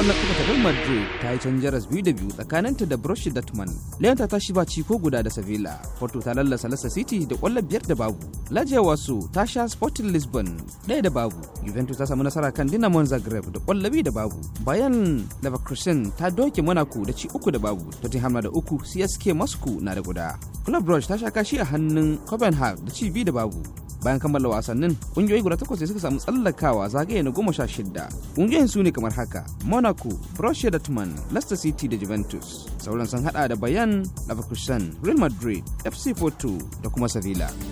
kwallon suka tafi madrid ta yi can jaras biyu da biyu tsakaninta da borussia dortmund leonta ta shi ba ko guda da sevilla porto ta lallasa leicester city da kwallon biyar da babu lajia wasu ta sha sporting lisbon ɗaya da babu juventus ta samu nasara kan Dinamo zagreb da biyu da babu bayan leverkusen ta doke monaco da ci uku da babu tottenham na da uku csk moscow na da guda club brugge ta sha kashi a hannun copenhagen da ci biyu da babu bayan kammala wasannin kungiyoyi guda takwas ne suka samu tsallakawa zagaye na goma sha shida kungiyoyin su ne kamar haka monaco borussia dortmund leicester city da juventus sauran sun hada da bayan leverkusen real madrid fc porto da kuma sevilla